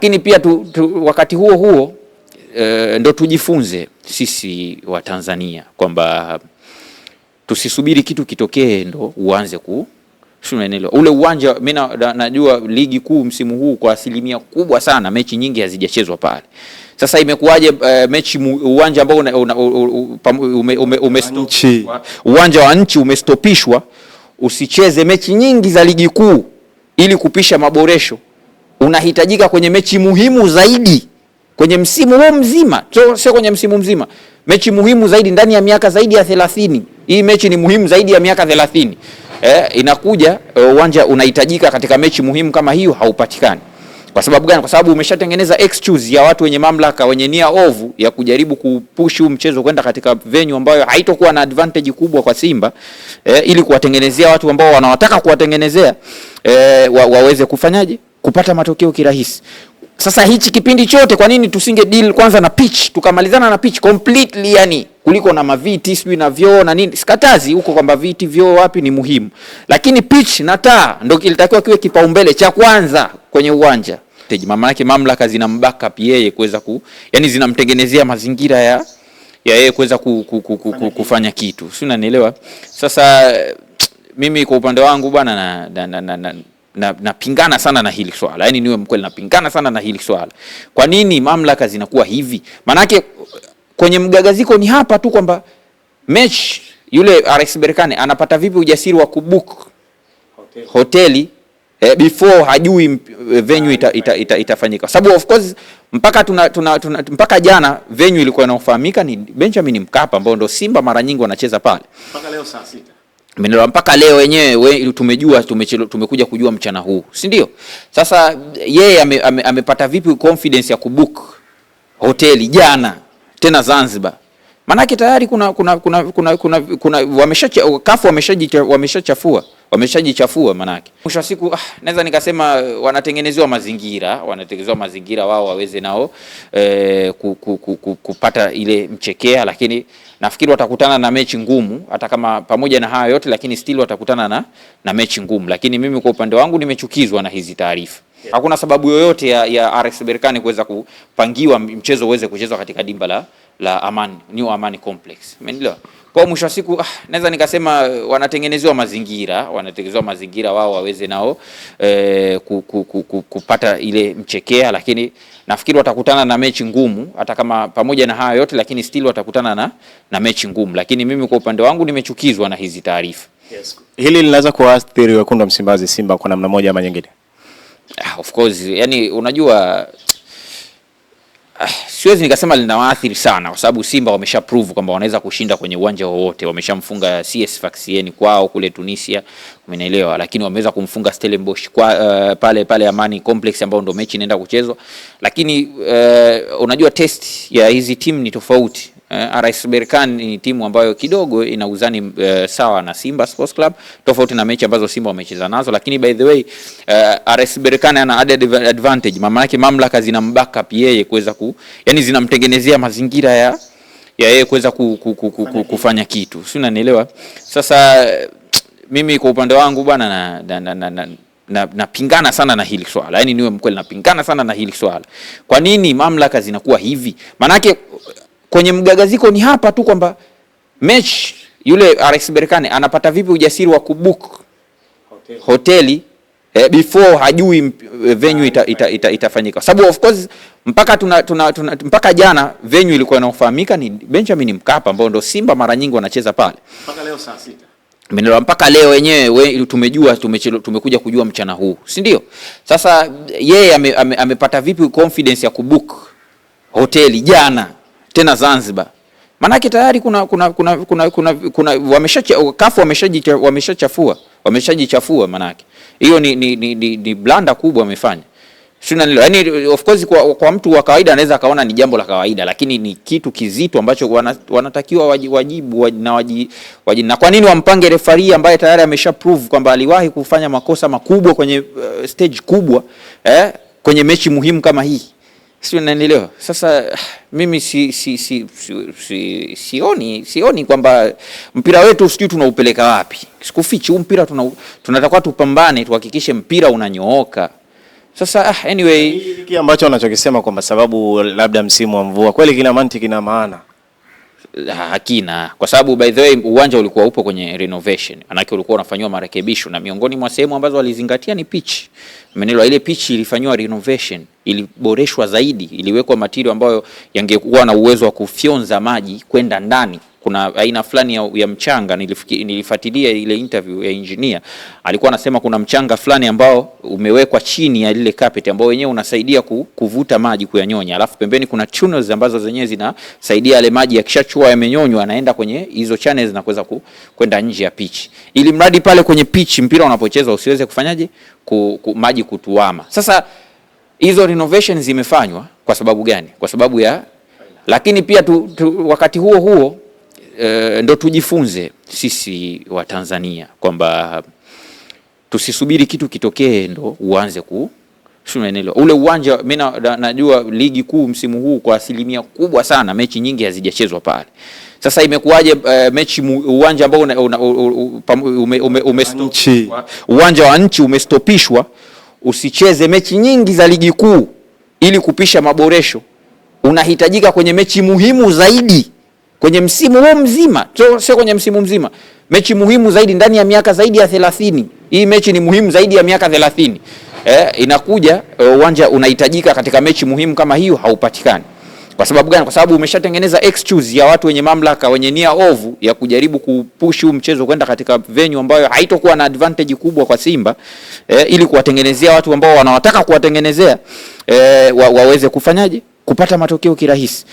Lakini pia tu, tu, wakati huo huo e, ndo tujifunze sisi wa Tanzania kwamba tusisubiri kitu kitokee ndo uanze ku Unaelewa ule uwanja. Mimi na, najua ligi kuu msimu huu kwa asilimia kubwa sana mechi nyingi hazijachezwa pale. Sasa imekuwaje? Uh, mechi uwanja ambao uwanja wa nchi umestopishwa usicheze mechi nyingi za ligi kuu ili kupisha maboresho unahitajika kwenye mechi muhimu zaidi kwenye msimu huu mzima, sio kwenye msimu mzima, mechi muhimu zaidi ndani ya miaka zaidi ya 30. Hii mechi ni muhimu zaidi ya miaka 30. Eh, inakuja eh, uwanja uh, unahitajika katika mechi muhimu kama hiyo, haupatikani. Kwa sababu gani? Kwa sababu umeshatengeneza excuse ya watu wenye mamlaka, wenye nia ovu ya kujaribu kupush huu mchezo kwenda katika venue ambayo haitokuwa na advantage kubwa kwa Simba eh, ili kuwatengenezea watu ambao wanawataka kuwatengenezea eh, wa, waweze kufanyaje kupata matokeo kirahisi. Sasa hichi kipindi chote, kwa nini tusinge deal kwanza na pitch tukamalizana na pitch completely, yani kuliko na maviti sijui na vyoo na nini. Sikatazi huko kwamba viti vyoo wapi ni muhimu, lakini pitch na taa ndio kilitakiwa kiwe kipaumbele cha kwanza kwenye uwanja. Mama yake mamlaka zina mbackup yeye kuweza ku, yani zinamtengenezea mazingira ya ya yeye kuweza ku, ku, ku, ku, ku, kufanya kitu, si unanielewa? Sasa mimi kwa upande wangu bwana na, na, na, na, na napingana na, sana na hili swala yani, niwe mkweli, napingana sana na hili swala. Kwa nini mamlaka zinakuwa hivi? Maanake kwenye mgagaziko ni hapa tu kwamba mechi yule rais Berkane anapata vipi ujasiri wa kubook hoteli, hoteli eh, before hajui eh, venue ita, ita, ita, itafanyika sababu of course mpaka tuna, tuna, tuna, mpaka jana venue ilikuwa inaofahamika ni Benjamin Mkapa ambao ndo Simba mara nyingi wanacheza pale mpaka leo saa sita. Menelewa mpaka leo wenyewe we, tumejua tumekuja kujua mchana huu, si ndio? Sasa yeye ame, ame, amepata vipi confidence ya kubook hoteli jana tena Zanzibar? Maanake tayari kuna kuna kuna kuna, kuna, kuna wamesha wamesha wameshajichafua manake. Mwisho wa siku ah, naweza nikasema eh, wanatengenezewa mazingira, wanatengenezewa mazingira wao waweze nao e, ku, ku, ku, ku, kupata ile mchekea, lakini nafikiri watakutana na mechi ngumu, hata kama pamoja na haya yote lakini still watakutana na, na mechi ngumu. Lakini mimi kwa upande wangu nimechukizwa na hizi taarifa. Hakuna sababu yoyote ya, ya RS Berkane kuweza kupangiwa mchezo uweze kuchezwa katika dimba la, la Amani, New Amani Complex. Umeelewa? Kwa mwisho wa siku ah, naweza nikasema eh, wanatengenezewa mazingira, wanatengenezewa mazingira wao waweze nao eh, ku, ku, ku, ku, kupata ile mchekea, lakini nafikiri watakutana na mechi ngumu, hata kama pamoja na haya yote lakini still watakutana na, na mechi ngumu. Lakini mimi kwa upande wangu nimechukizwa na hizi taarifa. Yes. Hili linaweza kuathiri wekundu wa Msimbazi Simba kwa namna moja ama nyingine. Ah, of course, yani unajua Ah, siwezi nikasema linawaathiri sana kwa sababu Simba wamesha prove kwamba wanaweza kushinda kwenye uwanja wowote. Wameshamfunga CS Sfaxien kwao kule Tunisia, umeelewa? lakini wameweza kumfunga Stellenbosch kwa uh, pale pale Amani Complex ambao ndo mechi inaenda kuchezwa, lakini uh, unajua test ya hizi timu ni tofauti. Uh, eh, RS Berkane ni timu ambayo kidogo ina uzani uh, sawa na Simba Sports Club, tofauti na mechi ambazo Simba wamecheza nazo, lakini by the way uh, eh, RS Berkane ana added advantage, maana yake mamlaka zina mbackup yeye kuweza ku, yani zinamtengenezea mazingira ya ya yeye kuweza ku, ku, ku, ku, ku, kufanya kitu, si unanielewa? Sasa mimi kwa upande wangu bwana na, na, na, na, na napingana na sana na hili swala yani, niwe mkweli, napingana sana na hili swala. Kwa nini mamlaka zinakuwa hivi? Maanake kwenye mgagaziko ni hapa tu kwamba mechi yule RS Berkane anapata vipi ujasiri wa kubook hoteli, hoteli eh, before hajui eh, venue ita, ita, ita, itafanyika sababu of course mpaka tuna, tuna, tuna, mpaka jana venue ilikuwa inafahamika ni Benjamin Mkapa ambao ndo Simba mara nyingi wanacheza pale mpaka leo saa sita mpaka leo wenyewe tumejua tumekuja kujua mchana huu, si ndio? Sasa yeye amepata ame, ame vipi confidence ya kubook hoteli jana tena Zanzibar. Maanake tayari kuna kuna kuna kuna kuna, kuna wamesha kafu wameshajichafua wameshajichafua maanake. Hiyo ni ni, ni, ni ni blanda kubwa wamefanya. nilo. Yaani of course kwa, kwa mtu wa kawaida anaweza akaona ni jambo la kawaida lakini ni kitu kizito ambacho wana, wanatakiwa wajibu, wajibu na waji, waji. Na kwa nini wampange refari ambaye tayari amesha prove kwamba aliwahi kufanya makosa makubwa kwenye uh, stage kubwa eh, kwenye mechi muhimu kama hii? si unanielewa? Sasa mimi si, si, si, si, si, sioni sioni kwamba mpira wetu sijui tunaupeleka wapi. Sikufichi huu mpira tuna, tunatakuwa tupambane tuhakikishe mpira unanyooka. Sasa ah, anyway, kile ambacho anachokisema kwamba sababu labda msimu wa mvua kweli kina mantiki na maana hakina kwa sababu by the way uwanja ulikuwa upo kwenye renovation, manake ulikuwa unafanyiwa marekebisho, na miongoni mwa sehemu ambazo walizingatia ni pitch. Mmenielewa, ile pitch ilifanywa renovation, iliboreshwa zaidi, iliwekwa material ambayo yangekuwa na uwezo wa kufyonza maji kwenda ndani kuna aina fulani ya, ya mchanga nilifikiri, nilifuatilia ile interview ya engineer alikuwa anasema kuna mchanga fulani ambao umewekwa chini ya lile carpet ambao wenyewe unasaidia ku, kuvuta maji kuyanyonya, alafu pembeni kuna channels ambazo zenyewe zinasaidia yale maji yakishachua yamenyonywa anaenda kwenye hizo channels na kuweza ku, kwenda nje ya pitch, ili mradi pale kwenye pitch mpira unapochezwa usiweze kufanyaje ku, ku, maji kutuama. Sasa hizo renovations zimefanywa kwa sababu gani? Kwa sababu ya, lakini pia tu, tu, wakati huo huo e, ndo tujifunze sisi wa Tanzania kwamba tusisubiri kitu kitokee ndo uanze ku unaelewa ule uwanja. Mimi na, najua ligi kuu msimu huu kwa asilimia kubwa sana mechi nyingi hazijachezwa pale. Sasa imekuwaje? Uh, mechi uwanja ambao uwanja wa nchi umestopishwa usicheze mechi nyingi za ligi kuu ili kupisha maboresho, unahitajika kwenye mechi muhimu zaidi kwenye msimu huo mzima, sio kwenye msimu mzima, mechi muhimu zaidi ndani ya miaka zaidi ya 30. Hii mechi ni muhimu zaidi ya miaka 30. Eh, inakuja e, uwanja uh, unahitajika katika mechi muhimu kama hiyo, haupatikani. Kwa sababu gani? Kwa sababu umeshatengeneza excuse ya watu wenye mamlaka, wenye nia ovu ya kujaribu kupush huu mchezo kwenda katika venue ambayo haitokuwa na advantage kubwa kwa Simba eh, ili kuwatengenezea watu ambao wanawataka kuwatengenezea eh, wa, waweze kufanyaje kupata matokeo kirahisi.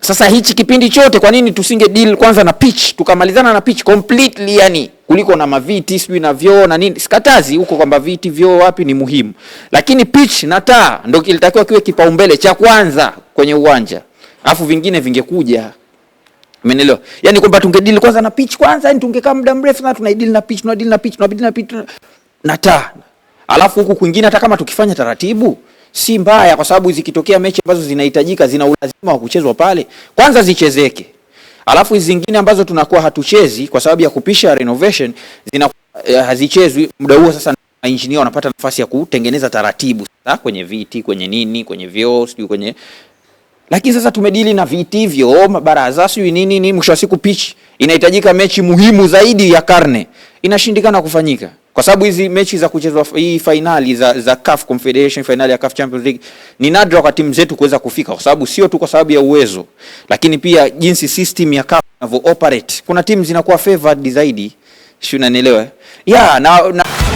Sasa hichi kipindi chote kwa nini tusinge deal kwanza na pitch tukamalizana na pitch completely, yani kuliko na maviti sijui na vyoo na nini. Sikatazi huko kwamba viti vyoo wapi ni muhimu, lakini pitch na taa ndio kilitakiwa kiwe kipaumbele cha kwanza kwenye uwanja, afu vingine vingekuja. Umeelewa? Yani kwamba tunge deal kwanza na pitch kwanza, yani tungekaa muda mrefu na tuna deal na pitch, tuna deal na pitch, tuna deal na pitch na taa, alafu huku kwingine hata kama tukifanya taratibu si mbaya, kwa sababu zikitokea mechi ambazo zinahitajika zina ulazima wa kuchezwa pale, kwanza zichezeke, alafu zingine ambazo tunakuwa hatuchezi kwa sababu ya kupisha renovation zina eh, hazichezwi muda huo. Sasa mainjinia wanapata nafasi ya kutengeneza taratibu sasa kwenye viti, kwenye nini, kwenye vyoo, sijui kwenye lakini sasa tumedili na viti hivyo mabaraza sijui nini nini, mwisho wa siku pitch inahitajika, mechi muhimu zaidi ya karne inashindikana kufanyika kwa sababu hizi mechi za kuchezwa hii fainali za, za CAF Confederation Finali ya CAF Champions League ni nadra kwa timu zetu kuweza kufika, kwa sababu sio tu kwa sababu ya uwezo, lakini pia jinsi system ya CAF inavyo operate, kuna timu zinakuwa favored zaidi, sio unanielewa? yeah, na, na...